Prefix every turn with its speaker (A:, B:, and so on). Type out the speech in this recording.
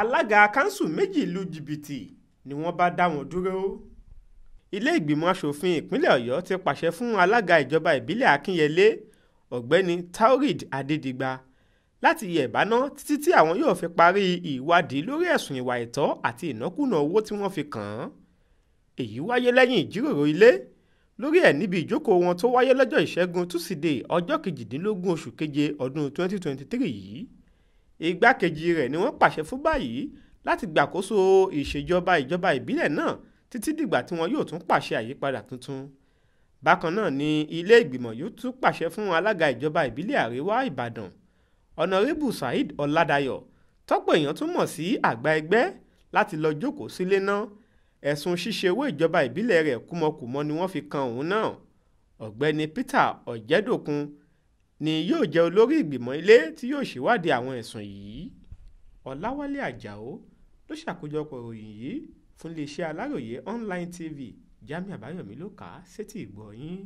A: alága kanṣu méjì lu jìbìtì ni wọ́n bá dá wọn dúró ilé ìgbìmọ̀ asòfin ìpínlẹ̀ ọ̀yọ́ ti pàṣẹ fún alága ìjọba ìbílẹ̀ akínyẹlé ọ̀gbẹ́ni taurid adédigba láti yẹ ìbáná títí tí àwọn yóò fi parí ìwádìí lórí ẹ̀sùn ìwà ìtọ́ àti ìnákúnà owó tí wọ́n fi kàn án èyí wáyé lẹ́yìn ìjíròrò ilé lórí ẹ̀ níbi ìjókòó wọn tó wáyé lọ́jọ́ ìṣẹ́gun túsídẹ̀ẹ́ ọjọ́ kejìdínlógún oṣù keje ọdún 2023 yìí igbákejì rẹ̀ ni wọ́n pàṣẹ fún báyìí láti gbàkóso ìṣèjọba ìjọba ìbílẹ̀ náà títí dìgbà tí wọn yóò tún pàṣẹ àyípadà tuntun bákan náà ni ilé ìgbìmọ̀ yóò tún pàṣẹ fún alága ìjọba ìbílẹ̀ àríwá ìbàdàn ọ̀nàrẹ́bù saheed ọ̀làdàyọ̀ tọ́pọ̀ èèyàn tún mọ̀ sí àgbà ẹgbẹ́ láti lọ jókòó sílé náà ẹ̀sùn ṣíṣe owó ìjọba ìbílẹ̀ rẹ̀ kúmọkùmọ ni wọ́n fi kan òun náà ọ̀gbẹ́ni peter ọ̀jẹ́dòkun ni yóò jẹ́ olórí ìgbìmọ̀ ilé tí yóò ṣèwádìí àwọn ẹ̀sùn yìí ọ̀làwálẹ̀ ajáò ló ṣàkójọpọ̀ ìròyìn yìí fún iléeṣẹ́ aláròye online tv jamiu àbáyọ̀mí ló kà á sétí ìgbọ́ yín